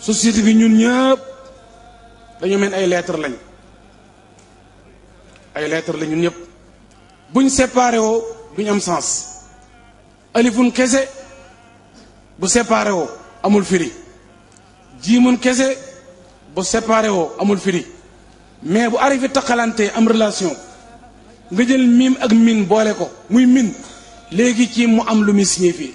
société bi ñun ñëpp dañu mel ay lettre lañ ay lettre la ñun ñëpp buñ séparé woo duñ am sens alifun kese bu séparé woo amul firi jiimun kese bu séparé woo amul firi mais bu arrivé taqalantee am relation nga jël miim ak min boole ko muy min léegi ci mu am lu muy signifié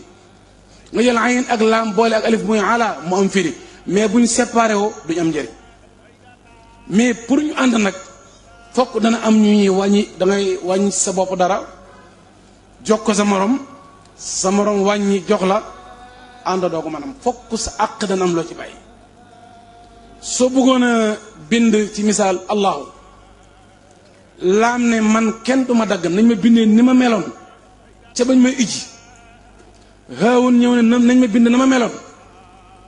nga jël ayin ak laam boole ak alif muy ala mu am firi mais buñ séparé woo duñ am njëriñ mais pour ñu ànd nag fokk dana am ñu ñuy wàññi da ngay wàññi sa bopp dara jox ko sa moroom sa morom wàññi jox la ànd doo ko maanaam fokk sa àq dana am loo ci bàyyi soo bëggoon a bind ci misaal allahu laam ne man kenn duma dagg nañ ma bindee ni ma meloon ca bañ ma iji xawoon ñëw ne nañ ma bind na ma meloon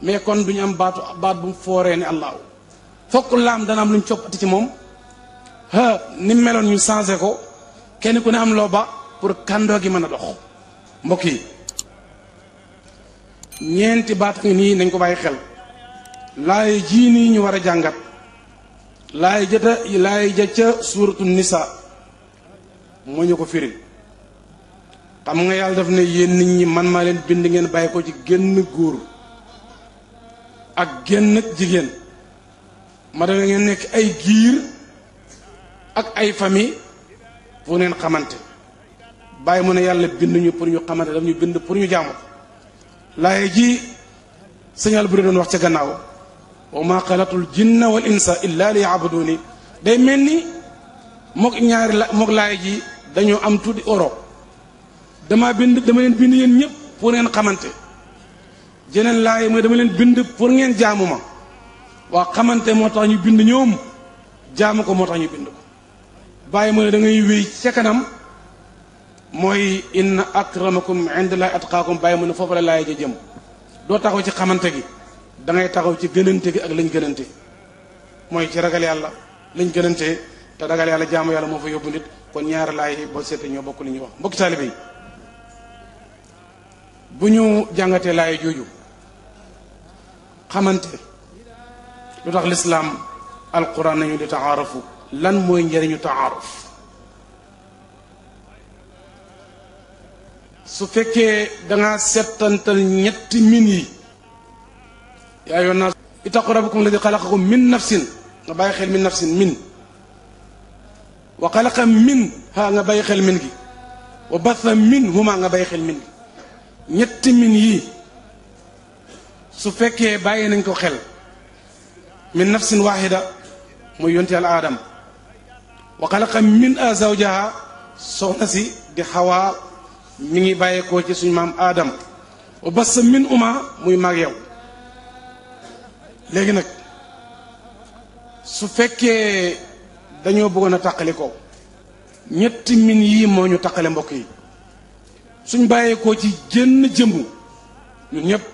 mais kon du am baatu baat bu fooree ne allahu fokk laam dana am luñ ñu coppati ci moom ha ni meloon ñu changé ko kenn ku ne am loo ba pour kàndoo gi mën a dox mbokk yi ñeenti baat ngi nii nañ ko bàyyi xel laay jii nii ñu war a jàngat laay jëta laay jë ca suuratu nisa moo ñu ko firi xam nga yàlla daf ne yéen nit ñi man maa leen bind ngeen bàyyi ko ci génn góor ak génn ak jigéen ma dama ngeen nekk ay giir ak ay famille fu ngeen xamante bàyyi mu ne yàlla binduñu pour ñu xamante daf ñu bind pour ñu jaamu laaye ji signal bu doon wax ca gannaaw wa ma xalatul jinna wal insa illa li yaabuduni day mel ni mook ñaari la mook laaye ji dañoo am tuddi Europe dama bind dama leen bind yéen ñëpp pour ngeen xamante jeneen laay mooy dama leen bind pour ngeen jaamu ma waa xamante moo tax ñu bind ñoom jaamu ko moo tax ñu bind ko bàyyi mooy da ngay wéy ca kanam mooy inna akramakum at atqaakum bàyyi mu ne foofu la laay ja jëm doo taxaw ci xamante gi da taxaw ci gënante gi ak lañ gënante mooy ci ragal yàlla lañ gënante te ragal yàlla jaamu yàlla moo fa yóbbu nit kon ñaar laay boo seetee ñoo bokk li ñuy wax mbokki taalibe yi bu ñu jàngatee laay jooju xamante lu tax lislaam alquran nañu di taarafu lan mooy njëriñu taaruf su fekkee danga settantal ñetti min yi yaa yoon naa itaqu rabbakum alladi xalaqakum min nafsin nga bàyyi xel min nafsin min wa xalaqa min ha nga bàyyi xel min gi wa batha min huma nga bàyyi xel min gi ñetti min yii su fekkee bàyyi nañ ko xel min nafsin waxida muy yonti yàlla aadam wa xalaqa min a zawjaha soxna si di xawaa mi ngi bàyyeekoo ci suñ maam aadam wa bassa min uma muy mag yow léegi nag su fekkee dañoo bëggoon a tàqali ko ñetti min yii moo ñu takkale mbokk yi suñ bàyyeekoo ci jënn jëmbu ñun ñëpp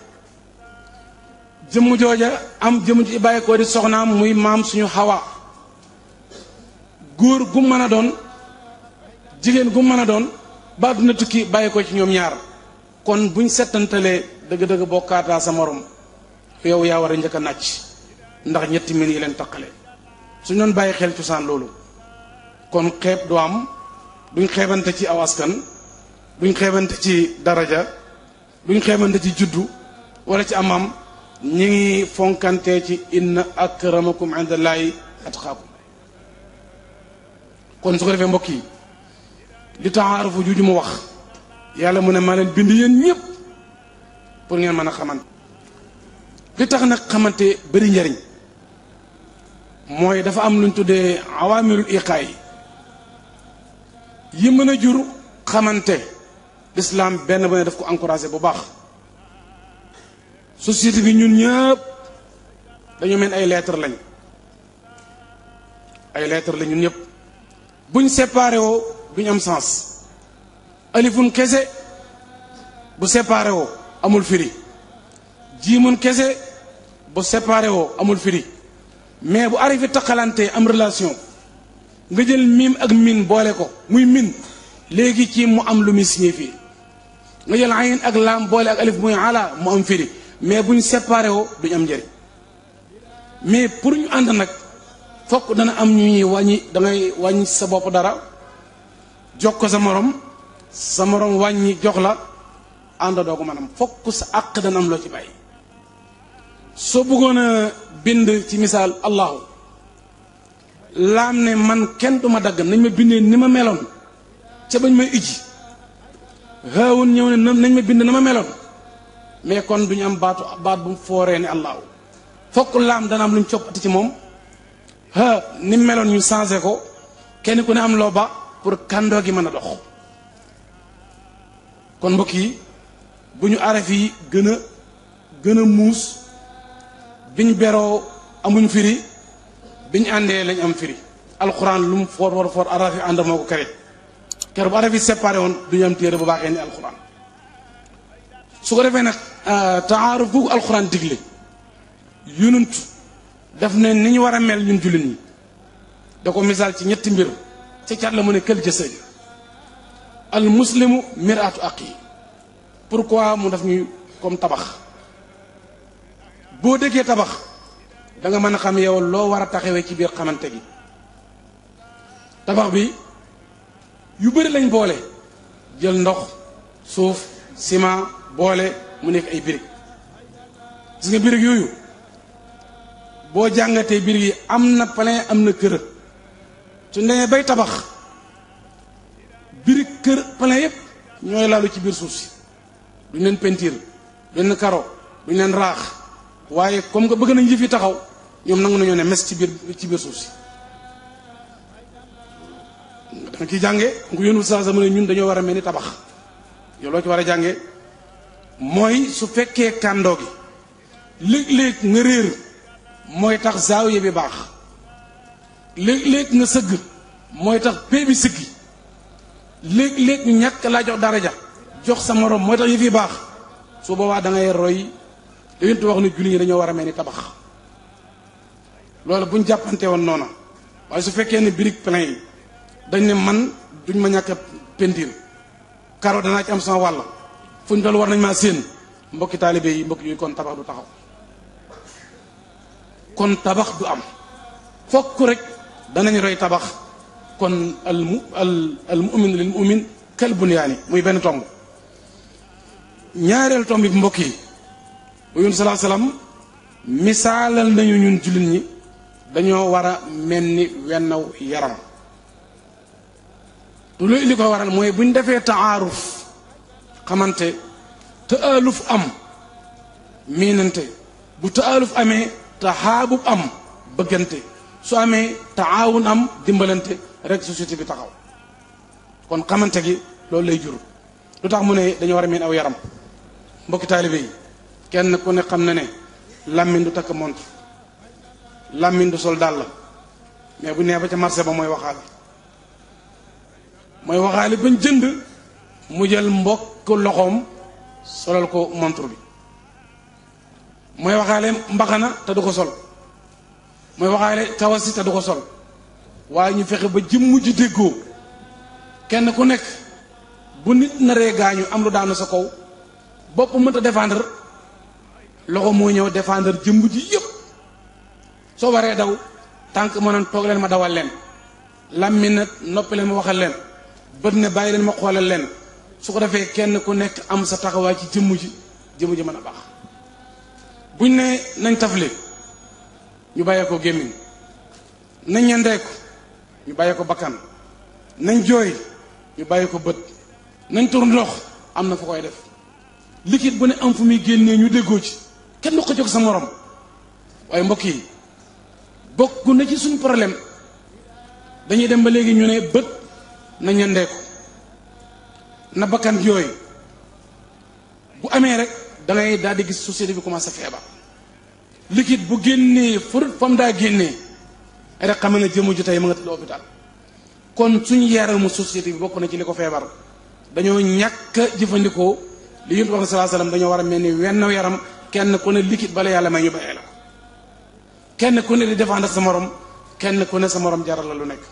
jëm jooja am jëm ci bàyyikoo di soxnaam muy maam suñu xawa góor gu mën a doon jigéen gu mën a doon ba dina tukki bàyyikoo ci ñoom ñaar kon buñ settantalee dëgg-dëgg bokkaataa sa morom yow yaa war a njëkk a nàcc ndax ñetti min yi leen taqale suñu doon bàyyi xel cosaan loolu kon xeeb du am duñ xeebante ci awaskan duñ ci daraja duñ xeebante ci juddu wala ci amam ñi ngi fonkante ci ak inna akramakum indallahi atqaakum kon su ko defee mbokk yi li taxaarufu juuju mu wax yàlla mu ne maa leen bind yéen ñëpp pour ngeen mën a xamante li tax nag xamante bëri njariñ mooy dafa am luñ tuddee awaamirul iqaay yi mën a jur xamante lislaam benn ba ne daf ko encouragé bu baax société bi ñun ñëpp dañu mel ay lettre lañ ay lettre la ñun ñëpp buñ séparé woo duñ am sens alifun kese bu séparé woo amul firi jiimun kese bu séparé woo amul firi mais bu arif taqalantee am relation nga jël miim ak min boole ko muy min léegi ci mu am lu muy signifie nga jël ayin ak laam boole ak alif muy ala mu am firi mais bu ñu séparé woo duñu am njëriñ mais pour ñu ànd nag fokk dana am ñu ñuy wàññi dangay wàññi sa bopp dara jox ko sa moroom sa morom wàññi jox la ànd doo ko maanaam fokk sa àq dana am loo ci bàyyi soo bëggoon a bind ci misaal allahu laam ne man kenn duma dagg nañ ma bindee ni ma meloon ca bañ may ijji xaawun ñëw ne nañ ma bind na ma meloon mais kon du ñu am baatu baat bu fooree ne allahu fokk laam dana am luñ ñu coppati ci moom ha ni meloon ñu changé ko kenn ku ne am loo ba pour kàndoo gi mën a dox kon mbokk yi bu ñu araf yi gën a gën a muus biñ beroo amuñ firi biñ àndee lañ am firi alxuraan lu mu foor foor foor araf ànd moo ko kare kere bu araf yi séparé woon du ñu am téere bu baaxee ni alxuraan su ko defee nag euh, taaruf googu alxuraan digle yonent daf ne ni ñu war a mel ñun jullit ñi da ko misaal ci ñetti mbir ci cat la mu ne kël jasadi al muslimu miraatu pour pourquoi mu daf ñuy comme tabax boo déggee tabax danga mën a xam yow loo war a taxawee ci biir xamante gi tabax bi yu bëri lañ boole jël ndox suuf ciment boole mu nekk ay birig gis nga birig yooyu boo jàngatee birig yi am na pale am na kër su demee bay tabax birig kër plein yëpp ñooy laalu ci biir suuf si duñ leen pentiir duñ leen karo duñ leen raax waaye comme que bëgg nañ yëf yi taxaw ñoom nangu nañoo ne mes ci biir ci biir suuf si danga ciy jànge ngu yónul saa sa mu ne ñun dañoo war a mel ni tabax yow loo ci war a jànge mooy su fekkee kàndoo gi léeg-léeg nga réer mooy tax zaawiya bi baax léeg-léeg nga sëgg mooy tax pee bi sëggi léeg-léeg ñàkk laa jox daraja jox sa moroom mooy tax yëf baax su boobaa da ngay roy dañuy wax ne julli ñi dañoo war a mel ni tabax loolu bu ñu jàppante woon noona waaye su fekkee ne brique plein yi dañ ne man duñ ma ñàkk a pendir karo danaa ci am sama wàll. fu ñu toll war nañ maa séen mbokki taalibe yi mbokk yooyu kon tabax du taxaw kon tabax du am fokk rek danañ roy tabax kon al mu al al mu'min lil mu'min kal bunyaani muy benn tomb ñaareel tomb bi mbokk yi uyun salaa salaam misaalal nañu ñun jullit ñi dañoo war a mel ni wennaw yaram te loolu li ko waral mooy buñ defee taaruf xamante taaluf am miinante bu taaluf amee taxaabub am bëggante su amee te taawun am dimbalante rek société bi taxaw kon xamante gi loolu lay jur lu tax mu ne dañu war a miin aw yaram mbokki taalibe yi kenn ku ne xam na ne làmmiñ du takk mont làmmiñ du sol dàll mais bu nee ba ca marché ba mooy waxaale mooy waxaale bañ jënd mu jël mbokk loxoom solal ko montre bi mooy waxaale mbaxana te du ko sol mooy waxaale kawasi te du ko sol waaye ñu fexe ba jëmm ji déggoo kenn ku nekk bu nit naree gaañu am lu daanu sa kaw bopp mënta défendre loxo moo ñëw défendre jëmm ji yëpp soo waree daw tànk ma nan toog leen ma dawal leen làmmiñ nag noppi leen ma waxal leen bët ne bàyyi leen ma xoolal leen su ko defee kenn ku nekk am sa taxawaay ci jëmm ji jëmm ji mën a baax buñ ne nañ tafle ñu bàyyee gémmiñ nañ ñendeeku ñu bàyyee ko bakkan nañ jooy ñu bàyyee ko bët nañ tur ndox am na fa koy def liquide bu ne am fu muy génnee ñu déggoo ci kenn du ko jóg sa moroom waaye mbokk yi bokk na ci suñ problème dañuy dem ba léegi ñu ne bët na ñendeeku na bakkan yooyu bu amee rek da ngay daal di gis société bi commencé feebar liquide bu génnee fur fam daa génnee rek xam ne jëmu ji tey ma nga tëdd hôpital kon suñu yaramu société bi bokk na ci li ko feebar dañoo ñàkk jëfandikoo li yonent wax sallallahu alayhi wasallam dañoo war a mel ni wenn yaram kenn ku ne liquide bala yàlla may ñu bayee la ko kenn ku ne di défendre sa morom kenn ku ne sa morom jaral la lu nekk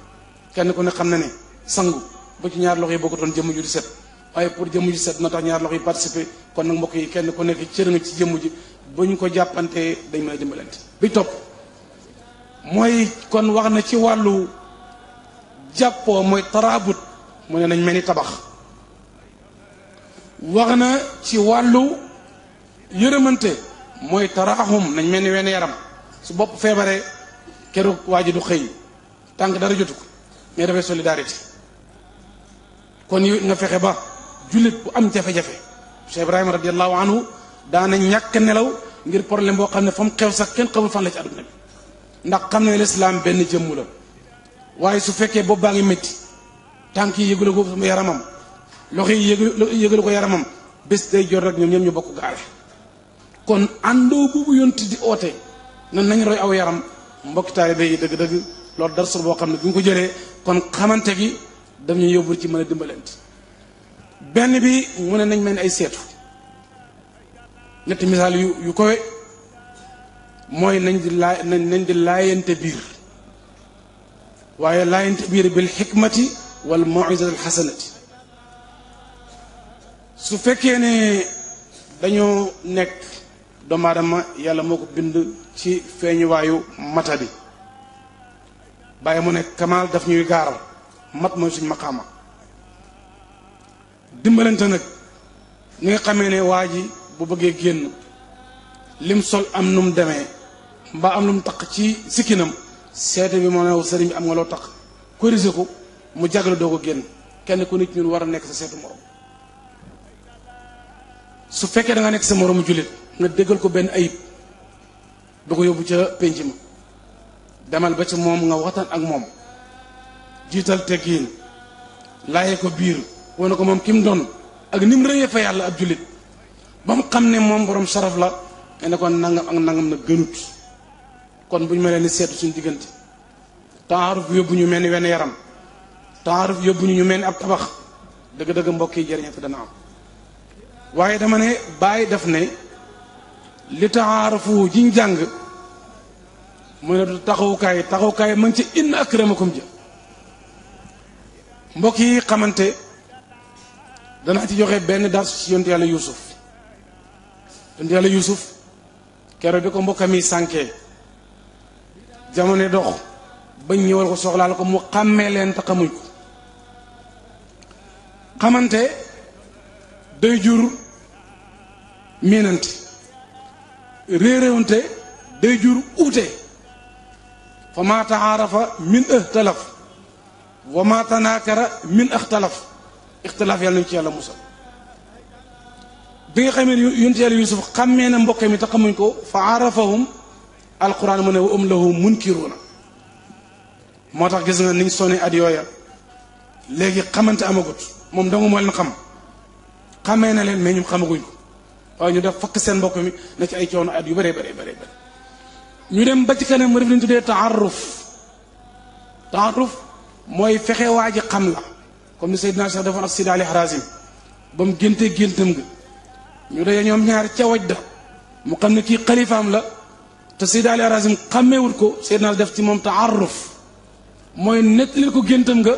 kenn ku ne xam na ne sangu ba ci ñaar loxo yi bokkutoon jëmm ju set waaye pour jëmm ji set na tax ñaar loxo yi participer kon nag mbokk yi kenn ku nekk cër nga ci jëmm ji bu ñu ko jàppantee dañ mën a dimbalante bi topp mooy kon wax na ci wàllu jàppoo mooy taraabut mu ne nañ mel ni tabax wax na ci wàllu yërëmante mooy taraaxum nañ mel ni wenn yaram su bopp feebaree keroog waa ji du xëy tànk dara jotu ko mais nga fexe ba jullit bu am jafe-jafe Cheikh Ibrahima radiallahu anhu daana ñàkk nelaw ngir problème boo xam ne fa mu xew sax kenn xamul fan la ci àdduna bi ndax xam ne lislaam benn jëmm la waaye su fekkee bopp baa ngi métti tànk yi yëgula ko sama yaramam loxo yi yëgula ko yaramam bés day jot rek ñoom ñoom ñu bokk gaale kon àndoo boobu yonti di oote nan nañ roy aw yaram mbokki taalibe yi dëgg-dëgg loolu darsul boo xam ne bu ñu ko jëlee kon xamante gi daf ñu yóbbu ci mën a dimbalante benn bi mu ne nañ mel ni ay seetu ñetti misaal yu yu kowe mooy nañ di laa nañ laayante biir waaye laayante biir bil xikmati wal mawizati al xasanati su fekkee ne dañoo nekk doomu yàlla moo ko bind ci feeñuwaayu mata bi bàyyi mu ne kamaal daf ñuy gaaral mat mooy suñ maqaama dimbalante nak ni nga xamee ne waa bu bëggee génn lim sol am num démé ba am num tak ci sikinam sété bi moo ne sëriñ bi am nga lo tak moro risiko mu jagle doo ko génn kenn ku nit ñun wara nek sa sétu morom su fekkee da nga nek sa morom julit nga déggal ko ben ayib du ko yobu ci penjima demal ba ci mom nga waxtaan ak mom jital laye ko wane ko moom ki mu doon ak ni mu rëyee fa yàlla ab jullit ba mu xam ne moom borom saraf la nga ne ko nangam ak nangam na gënut kon bu ñu ma leen seetu suñu diggante ñu mel ni wenn yaram taaruf yóbbu ñu ñu mel ni ab tabax dëgg-dëgg mbokk yi jëriñ fi waaye dama ne bàyyi def ne li taarufu jiñ jàng mu ne du taxawukaay taxawukaay ma ngi ci inna ak ja mbokk yi xamante danaa ci joxe benn das yonent yàlla yusuf yonent yàlla yusuf kero bi ko mbokkam sanke jamone jamono dox bañ ñëwal ko soxlaal ko mu xàmmee leen te xamuñ ko xamante day jur miinante réeréwante day jur uute fa maa taxaarafa min ëxtalaf wa maa tanaakara min ëxtalaf اختلاف يالنا كي يالله موسى بيغا خمين ينتيال يوسف خمين مبوكي مي تقمون كو فعرفهم القرآن من وأم له منكرون ما تغزنا نيسوني أديويا لغي قمن تأمغوت موم دونغو مول نخم خمين لين مي نيم خمغوين كو وا ني داف فك سين مبوكي نتي اي تيونو اديو بري بري بري بري ني ديم كان مريف لين تعرف تعرف موي فخي واجي خم comme ni Seydina Cheikh defoon ak Sida Ali Harazim bam génte géntam nga ñu day ñom ñaar ci waj da mu xamne ki kii xalifaam la te Sida Ali Harazim wul ko Seydina def ci mom taaruf moy nettalil ko géntam nga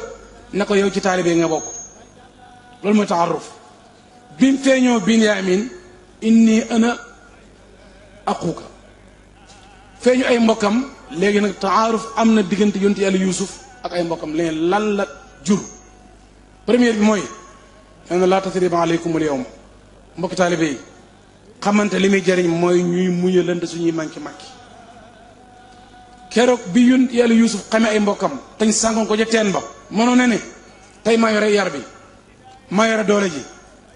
nako yow ci talibé nga bok loolu moy taaruf bim mu bin yamin inni ana aquka feñu ay mbokam léegi nak taaruf amna digënté yonti yàlla yusuf ak ay mbokam len lan la jur première bi mooy nee na laa tasriba aleykum al yawm mbokk taalibe yi xamante li jariñ jëriñ mooy ñuy muñalante suñuy manki manki keroog bi yu yàlla yuusuf xame ay mbokkam tañ sànkoon ko ca teen ba mënoo ne ne tey maa yore yar bi maa yore doole ji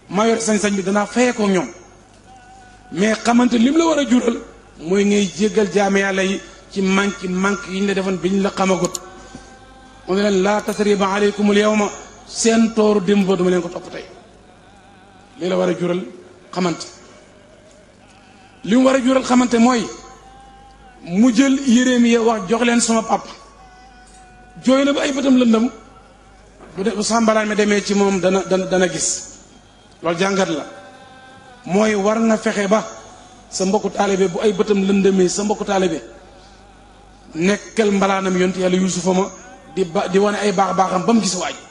maa yore sañ-sañ bi danaa fayee ko ñoom mais xamante lim la war a jural mooy ngay jéggal jaame yàlla yi ci manki manki yi ñu la defoon biñ la xamagut mu ne leen laa tasriba aleykum al yawma sen tooru dem ba dama len ko top tay li la wara jural xamante li mu wara jural xamante moy mu jël yéreem ya wax jox len sama papa jooy na ba ay bëtam lëndam bu de bu sàmbalaan mi demee ci mom dana dana gis lol jangat la moy war na fexé ba sa mbokku talibé bu ay bëtam lëndamee sa mbokku talibé nekkal mbalanam yontu yalla yusufama di di wone ay bax baxam bam gis waji